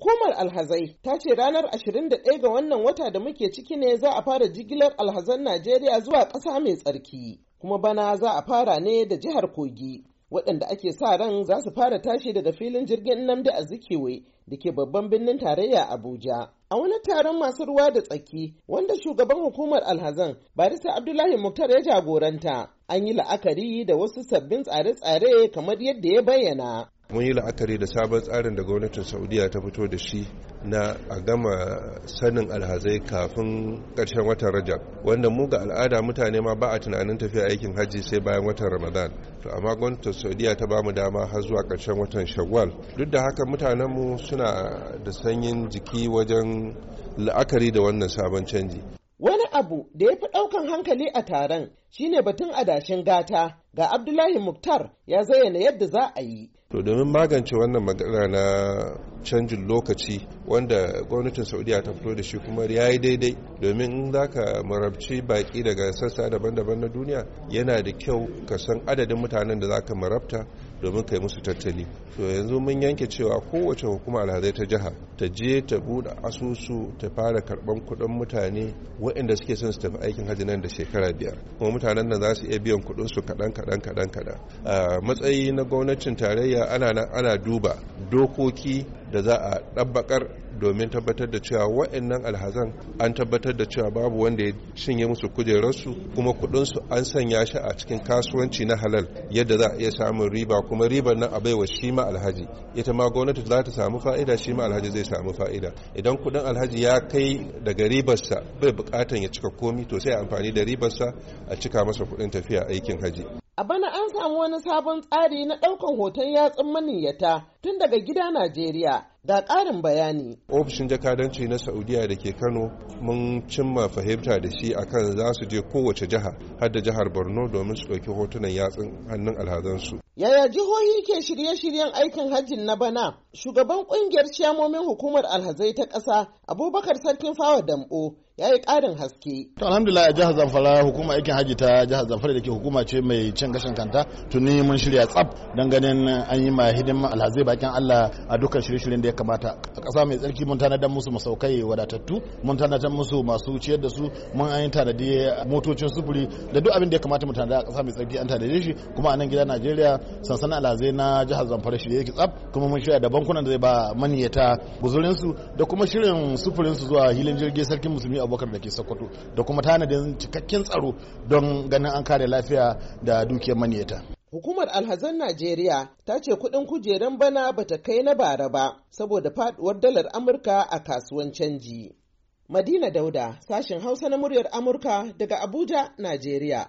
Hukumar alhazai ta ce ranar 21 ga wannan wata da muke ciki ne za a fara jigilar alhazan Najeriya zuwa ƙasa mai tsarki, kuma bana za a fara ne da jihar Kogi, waɗanda ake sa ran za su fara tashi daga filin jirgin Nnamdi Azikiwe da ke babban birnin tarayya Abuja. A wani taron masu ruwa da tsaki wanda shugaban hukumar alhazan Barisa Abdullahi Muktar ya jagoranta, an yi la'akari da wasu sabbin tsare-tsare kamar yadda ya bayyana. mun yi la'akari da sabon tsarin da gwamnatin saudiya ta fito da shi na a gama sanin alhazai kafin ƙarshen watan rajab wanda mu ga al'ada mutane ma ba a tunanin tafiya aikin hajji sai bayan watan ramadan to amma gwamnatin saudiya ta bamu dama har zuwa karshen watan shawwal duk da haka mutanenmu suna da sanyin jiki wajen la'akari da wannan sabon canji Wani abu da ya fi ɗaukan hankali a taron shine batun adashin gata ga Abdullahi Muktar ya zayyana yadda za a yi. To domin magance wannan magana na canjin lokaci wanda gwamnatin Saudiya ta fito da shi kuma ya yi daidai domin in za ka marabci baƙi daga sassa daban-daban na duniya yana da kyau ka san adadin mutanen da za ka marabta domin kai musu tattali to yanzu mun yanke cewa kowace hukuma alhazai ta jiha ta je ta buɗe asusu ta fara karɓan kuɗin mutane waɗanda suke son su tafi aikin hajji nan da shekara biyar kuma mutanen nan za su iya biyan kuɗin su kaɗan kaɗan kaɗan kaɗan a matsayi na gwamnatin tarayya ana ana duba dokoki da za a ɗabbakar domin tabbatar da cewa wa'annan alhazan an tabbatar da cewa babu wanda ya cinye musu kujerarsu kuma kuɗinsu an sanya shi a cikin kasuwanci na halal yadda za a iya samun riba kuma ribar nan a baiwa shi ma alhaji ita ma gwamnati za ta samu fa'ida shi ma alhaji zai samu fa'ida idan kuɗin alhaji ya kai daga ribarsa bai buƙatan ya cika komi to sai amfani da ribarsa a cika masa kuɗin tafiya aikin haji a bana an samu wani sabon tsari na ɗaukan hoton yatsun maniyyata tun daga gida Najeriya ga ƙarin bayani. Ofishin jakadanci na Saudiya da ke Kano mun cimma fahimta da shi akan za su je kowace jiha har jihar Borno domin su ɗauki hotunan yatsun hannun alhazansu. Yaya jihohi ke shirye-shiryen aikin hajjin na bana? Shugaban ƙungiyar ciyamomin hukumar alhazai ta ƙasa Abubakar Sarkin Fawa Dambo ya yi ƙarin haske. To alhamdulillah a jihar Zamfara hukuma aikin hajji ta jihar Zamfara da ke hukuma ce mai cin gashin kanta tuni mun shirya tsaf don ganin an yi ma hidimar alhazai bakin Allah a dukkan shirye-shiryen da ya kamata a ƙasa mai tsarki mun tanadar musu masaukai wadatattu mun tanadar musu masu ciyar da su mun an tanadi motocin sufuri da duk abin da ya kamata mu tanada a ƙasa mai tsarki an tanade shi kuma a nan gida Najeriya sansanin alazai na jihar Zamfara shi yake tsaf kuma mun shirya da bankunan da zai ba maniyata guzurin su da kuma shirin sufurin su zuwa hilin jirgin sarkin musulmi Abubakar da ke Sokoto da kuma tanadin cikakken tsaro don ganin an kare lafiya da dukiyar maniyata Hukumar alhazan Najeriya ta ce kudin kujeran bana bata kai na bara ba saboda faduwar dalar Amurka a kasuwan canji. Madina Dauda, sashen Hausa na muryar Amurka daga Abuja, Najeriya.